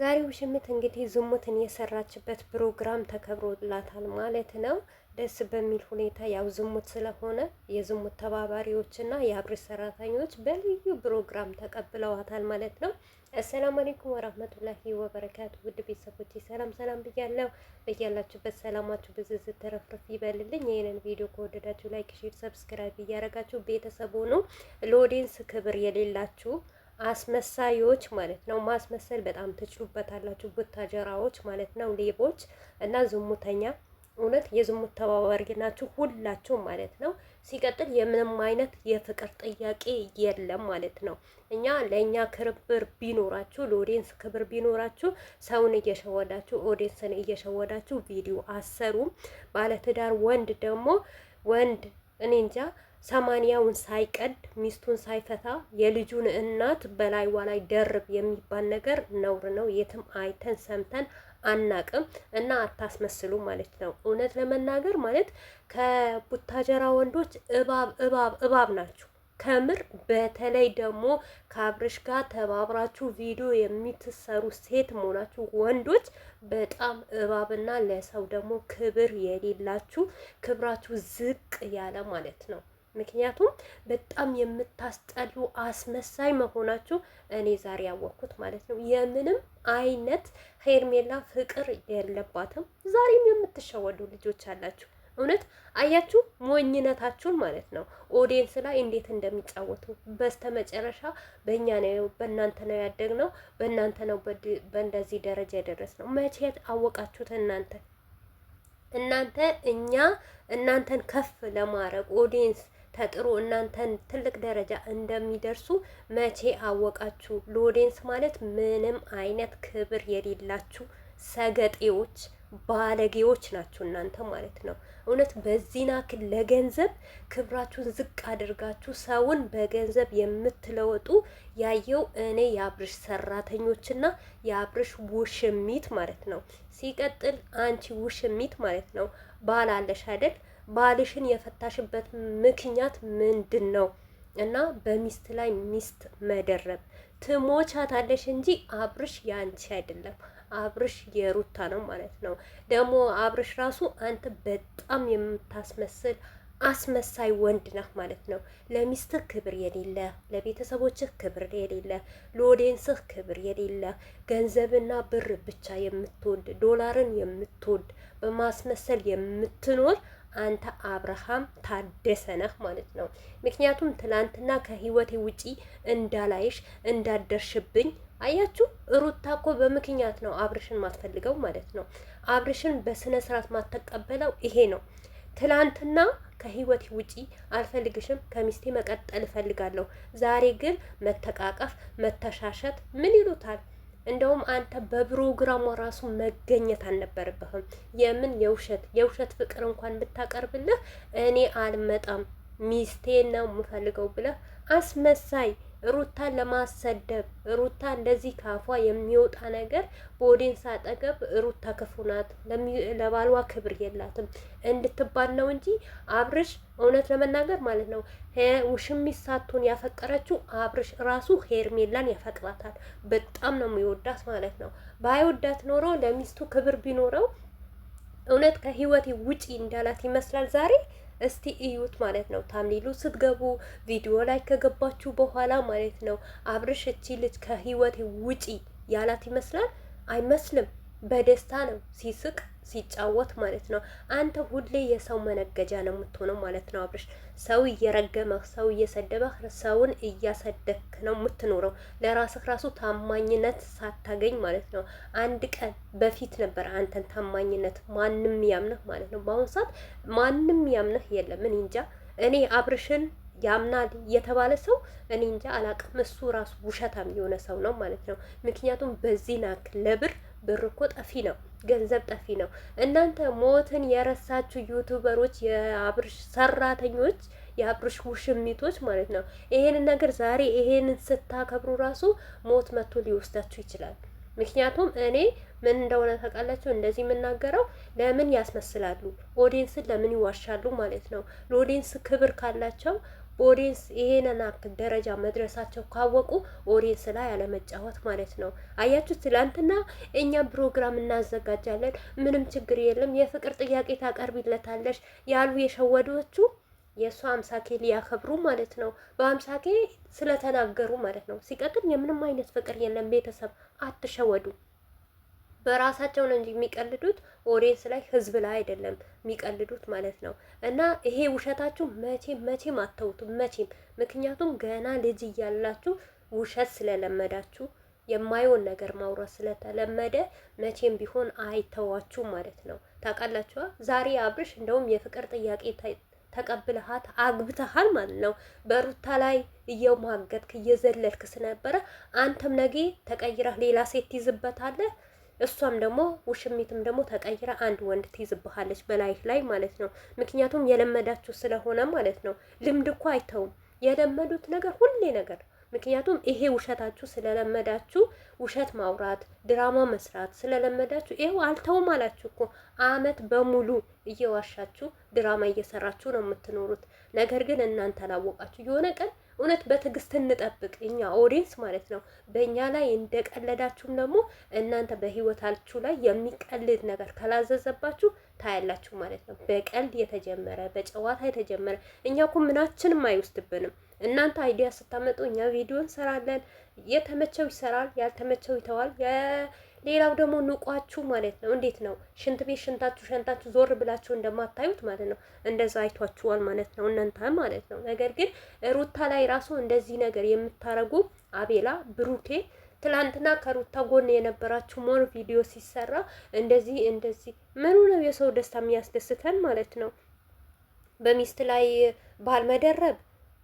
ዛሬ ውሽምት እንግዲህ ዝሙትን የሰራችበት ፕሮግራም ተከብሮላታል ማለት ነው። ደስ በሚል ሁኔታ ያው ዝሙት ስለሆነ የዝሙት ተባባሪዎችና የአብሬ ሰራተኞች በልዩ ፕሮግራም ተቀብለዋታል ማለት ነው። አሰላሙ አለይኩም ወራህመቱላሂ ወበረካቱ። ውድ ቤተሰቦች ሰላም ሰላም ብያለሁ። በያላችሁበት ሰላማችሁ ብዙ ስትረፍረፍ ይበልልኝ። ይህንን ቪዲዮ ከወደዳችሁ ላይክ፣ ሼር፣ ሰብስክራይብ እያደረጋችሁ ቤተሰቡ ነው። ለኦዲየንስ ክብር የሌላችሁ አስመሳዮች ማለት ነው። ማስመሰል በጣም ትችሉበታላችሁ፣ ቡታጀራዎች ማለት ነው። ሌቦች እና ዝሙተኛ እውነት የዝሙት ተባባሪ ናችሁ ሁላችሁ ማለት ነው። ሲቀጥል የምንም አይነት የፍቅር ጥያቄ የለም ማለት ነው። እኛ ለእኛ ክብር ቢኖራችሁ ለኦዲየንስ ክብር ቢኖራችሁ ሰውን እየሸወዳችሁ ኦዲየንስን እየሸወዳችሁ ቪዲዮ አሰሩም። ባለትዳር ወንድ ደግሞ ወንድ እኔ እንጃ ሰማንያውን ሳይቀድ ሚስቱን ሳይፈታ የልጁን እናት በላይዋ ላይ ደርብ የሚባል ነገር ነውር ነው። የትም አይተን ሰምተን አናቅም እና አታስመስሉ ማለት ነው። እውነት ለመናገር ማለት ከቡታጀራ ወንዶች እባብ እባብ እባብ ናቸው ከምር። በተለይ ደግሞ ከአብርሽ ጋር ተባብራችሁ ቪዲዮ የምትሰሩ ሴት መሆናችሁ ወንዶች በጣም እባብና ለሰው ደግሞ ክብር የሌላችሁ ክብራችሁ ዝቅ ያለ ማለት ነው። ምክንያቱም በጣም የምታስጠሉ አስመሳይ መሆናችሁ እኔ ዛሬ ያወቅኩት ማለት ነው። የምንም አይነት ሄርሜላ ፍቅር የለባትም። ዛሬም የምትሸወዱ ልጆች አላችሁ። እውነት አያችሁ ሞኝነታችሁን ማለት ነው። ኦዲየንስ ላይ እንዴት እንደሚጫወቱ በስተመጨረሻ በእኛ ነው በእናንተ ነው ያደግነው በእናንተ ነው በእንደዚህ ደረጃ የደረስነው። መቼት አወቃችሁት እናንተ እናንተ እኛ እናንተን ከፍ ለማድረግ ኦዲየንስ ተጥሮ እናንተን ትልቅ ደረጃ እንደሚደርሱ መቼ አወቃችሁ? ሎዴንስ ማለት ምንም አይነት ክብር የሌላችሁ ሰገጤዎች ባለጌዎች ናችሁ እናንተ ማለት ነው። እውነት በዚህ ክል ለገንዘብ ክብራችሁን ዝቅ አድርጋችሁ ሰውን በገንዘብ የምትለወጡ ያየው እኔ የአብርሽ ሰራተኞችና የአብርሽ ውሽሚት ማለት ነው። ሲቀጥል አንቺ ውሽሚት ማለት ነው ባላለሽ አይደል ባልሽን የፈታሽበት ምክንያት ምንድን ነው? እና በሚስት ላይ ሚስት መደረብ ትሞቻታለሽ እንጂ አብርሽ ያንቺ አይደለም። አብርሽ የሩታ ነው ማለት ነው። ደግሞ አብርሽ ራሱ አንተ በጣም የምታስመስል አስመሳይ ወንድ ነህ ማለት ነው። ለሚስትህ ክብር የሌለ፣ ለቤተሰቦችህ ክብር የሌለ፣ ለኦዲየንስህ ክብር የሌለ፣ ገንዘብና ብር ብቻ የምትወድ ዶላርን የምትወድ በማስመሰል የምትኖር አንተ አብርሃም ታደሰ ነህ ማለት ነው። ምክንያቱም ትላንትና ከህይወቴ ውጪ እንዳላይሽ እንዳደርሽብኝ አያችሁ ሩታ እኮ በምክንያት ነው አብርሽን ማትፈልገው ማለት ነው። አብርሽን በስነ ስርዓት ማትቀበለው ይሄ ነው። ትላንትና ከህይወቴ ውጪ አልፈልግሽም፣ ከሚስቴ መቀጠል እፈልጋለሁ። ዛሬ ግን መተቃቀፍ፣ መተሻሸት ምን ይሉታል እንደውም አንተ በፕሮግራሙ ራሱ መገኘት አልነበረብህም። የምን የውሸት የውሸት ፍቅር እንኳን ብታቀርብልህ እኔ አልመጣም ሚስቴን ነው የምፈልገው ብለህ አስመሳይ ሩታን ለማሰደብ ሩታ እንደዚህ ካፏ የሚወጣ ነገር በኦዲንስ አጠገብ ሩታ ክፉ ናት፣ ለባሏ ክብር የላትም እንድትባል ነው እንጂ አብርሽ እውነት ለመናገር ማለት ነው ውሽሚት ያፈቀረችው አብርሽ ራሱ ሄርሜላን ያፈቅራታል። በጣም ነው የሚወዳት ማለት ነው። ባይወዳት ኖሮ ለሚስቱ ክብር ቢኖረው እውነት ከህይወቴ ውጪ እንዳላት ይመስላል ዛሬ እስቲ እዩት ማለት ነው። ታምኒሉ ስትገቡ ቪዲዮ ላይ ከገባችሁ በኋላ ማለት ነው አብርሽ እቺ ልጅ ከህይወት ውጪ ያላት ይመስላል። አይመስልም። በደስታ ነው ሲስቅ ሲጫወት ማለት ነው። አንተ ሁሌ የሰው መነገጃ ነው የምትሆነው ማለት ነው። አብርሽ ሰው እየረገመህ፣ ሰው እየሰደበህ፣ ሰውን እያሰደክ ነው የምትኖረው። ለራስህ ራሱ ታማኝነት ሳታገኝ ማለት ነው። አንድ ቀን በፊት ነበር አንተን ታማኝነት ማንም ያምነህ ማለት ነው። በአሁኑ ሰዓት ማንም ያምነህ የለም። እኔ እንጃ እኔ አብርሽን ያምናል የተባለ ሰው እኔ እንጃ አላቅም። እሱ ራሱ ውሸታም የሆነ ሰው ነው ማለት ነው። ምክንያቱም በዚህ ናክ ለብር ብር እኮ ጠፊ ነው፣ ገንዘብ ጠፊ ነው። እናንተ ሞትን የረሳችሁ ዩቱበሮች፣ የአብርሽ ሰራተኞች፣ የአብርሽ ውሽሚቶች ማለት ነው። ይሄንን ነገር ዛሬ ይሄንን ስታከብሩ ራሱ ሞት መጥቶ ሊወስዳችሁ ይችላል። ምክንያቱም እኔ ምን እንደሆነ ታውቃላችሁ፣ እንደዚህ የምናገረው ለምን ያስመስላሉ፣ ኦዲንስን ለምን ይዋሻሉ ማለት ነው። ለኦዲንስ ክብር ካላቸው ኦዲንስ ይሄንን አክል ደረጃ መድረሳቸው ካወቁ ኦዲንስ ላይ ያለመጫወት ማለት ነው። አያችሁ፣ ትላንትና እኛ ፕሮግራም እናዘጋጃለን፣ ምንም ችግር የለም፣ የፍቅር ጥያቄ ታቀርቢለታለሽ ያሉ የሸወዶቹ የእሷ አምሳኬ ሊያከብሩ ማለት ነው። በአምሳኬ ስለተናገሩ ማለት ነው። ሲቀጥል የምንም አይነት ፍቅር የለም። ቤተሰብ አትሸወዱ። በራሳቸው ነው እንጂ የሚቀልዱት ኦዲየንስ ላይ ህዝብ ላይ አይደለም የሚቀልዱት ማለት ነው። እና ይሄ ውሸታችሁ መቼም መቼም አተውቱም መቼም። ምክንያቱም ገና ልጅ እያላችሁ ውሸት ስለለመዳችሁ የማይሆን ነገር ማውራት ስለተለመደ መቼም ቢሆን አይተዋችሁ ማለት ነው። ታውቃላችኋ። ዛሬ አብርሽ እንደውም የፍቅር ጥያቄ ተቀብለሃት አግብተሃል ማለት ነው። በሩታ ላይ እየማገጥክ እየዘለልክ ስነበረ አንተም ነገ ተቀይረህ ሌላ ሴት ይዝበታለህ። እሷም ደግሞ ውሽሚትም ደግሞ ተቀይራ አንድ ወንድ ትይዝብሃለች በላይህ ላይ ማለት ነው። ምክንያቱም የለመዳችሁ ስለሆነ ማለት ነው። ልምድ እኮ አይተውም የለመዱት ነገር ሁሌ ነገር ምክንያቱም ይሄ ውሸታችሁ ስለለመዳችሁ ውሸት ማውራት፣ ድራማ መስራት ስለለመዳችሁ ይሄው አልተውም አላችሁ እኮ። አመት በሙሉ እየዋሻችሁ ድራማ እየሰራችሁ ነው የምትኖሩት። ነገር ግን እናንተ አላወቃችሁ የሆነ ቀን እውነት በትዕግስት እንጠብቅ እኛ ኦዲንስ ማለት ነው። በእኛ ላይ እንደቀለዳችሁም ደግሞ እናንተ በህይወታችሁ ላይ የሚቀልድ ነገር ካላዘዘባችሁ ታያላችሁ ማለት ነው። በቀልድ የተጀመረ በጨዋታ የተጀመረ እኛ እኮ ምናችንም አይወስድብንም። እናንተ አይዲያ ስታመጡ እኛ ቪዲዮ እንሰራለን። የተመቸው ይሰራል፣ ያልተመቸው ይተዋል። ሌላው ደግሞ ንቋችሁ ማለት ነው። እንዴት ነው ሽንት ቤት ሽንታችሁ ሸንታችሁ ዞር ብላችሁ እንደማታዩት ማለት ነው። እንደዛ አይቷችኋል ማለት ነው እናንተ ማለት ነው። ነገር ግን ሩታ ላይ ራሱ እንደዚህ ነገር የምታረጉ አቤላ፣ ብሩኬ ትላንትና ከሩታ ጎን የነበራችሁ ሞር ቪዲዮ ሲሰራ እንደዚህ እንደዚህ ምኑ ነው የሰው ደስታ የሚያስደስተን ማለት ነው? በሚስት ላይ ባል መደረብ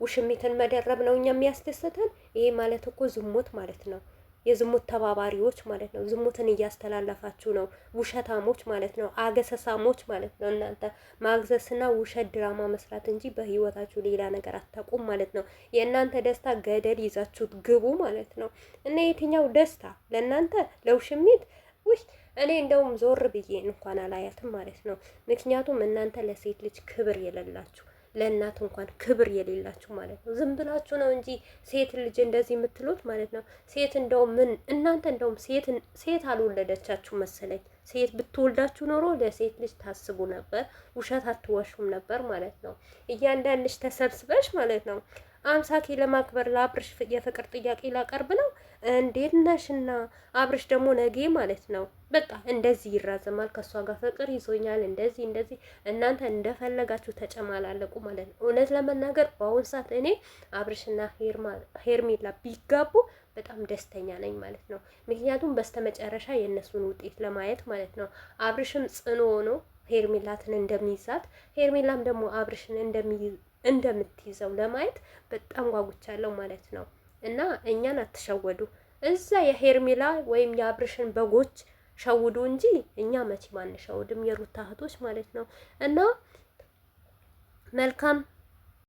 ውሽሚትን መደረብ ነው እኛ የሚያስደስተን። ይሄ ማለት እኮ ዝሙት ማለት ነው። የዝሙት ተባባሪዎች ማለት ነው። ዝሙትን እያስተላለፋችሁ ነው። ውሸታሞች ማለት ነው። አገሰሳሞች ማለት ነው። እናንተ ማግዘስና ውሸት ድራማ መስራት እንጂ በህይወታችሁ ሌላ ነገር አታውቁም ማለት ነው። የእናንተ ደስታ ገደል ይዛችሁት ግቡ ማለት ነው። እና የትኛው ደስታ ለእናንተ ለውሽሚት ውሽ እኔ እንደውም ዞር ብዬ እንኳን አላያትም ማለት ነው። ምክንያቱም እናንተ ለሴት ልጅ ክብር የሌላችሁ ለእናት እንኳን ክብር የሌላችሁ ማለት ነው። ዝም ብላችሁ ነው እንጂ ሴት ልጅ እንደዚህ የምትሉት ማለት ነው። ሴት እንደውም ምን እናንተ እንደውም ሴት አልወለደቻችሁ መሰለኝ። ሴት ብትወልዳችሁ ኖሮ ለሴት ልጅ ታስቡ ነበር፣ ውሸት አትዋሹም ነበር ማለት ነው። እያንዳንድሽ ተሰብስበሽ ማለት ነው አምሳኪ ለማክበር ለአብርሽ የፍቅር ጥያቄ ላቀርብ ነው እንዴት ነሽና አብርሽ ደግሞ ነገ ማለት ነው በቃ እንደዚህ ይራዘማል። ከእሷ ጋር ፍቅር ይዞኛል እንደዚህ እንደዚህ እናንተ እንደፈለጋችሁ ተጨማላለቁ ማለት ነው። እውነት ለመናገር በአሁን ሰዓት እኔ አብርሽና ሄርሜላ ቢጋቡ በጣም ደስተኛ ነኝ ማለት ነው። ምክንያቱም በስተመጨረሻ የእነሱን ውጤት ለማየት ማለት ነው። አብርሽም ጽኑ ሆኖ ሄርሜላትን እንደሚይዛት ሄርሜላም ደግሞ አብርሽን እንደምትይዘው ለማየት በጣም ጓጉቻለሁ ማለት ነው። እና እኛን አትሸወዱ። እዛ የሄርሜላ ወይም የአብርሽን በጎች ሸውዱ እንጂ እኛ መቼም አንሸውድም፣ የሩታ እህቶች ማለት ነው እና መልካም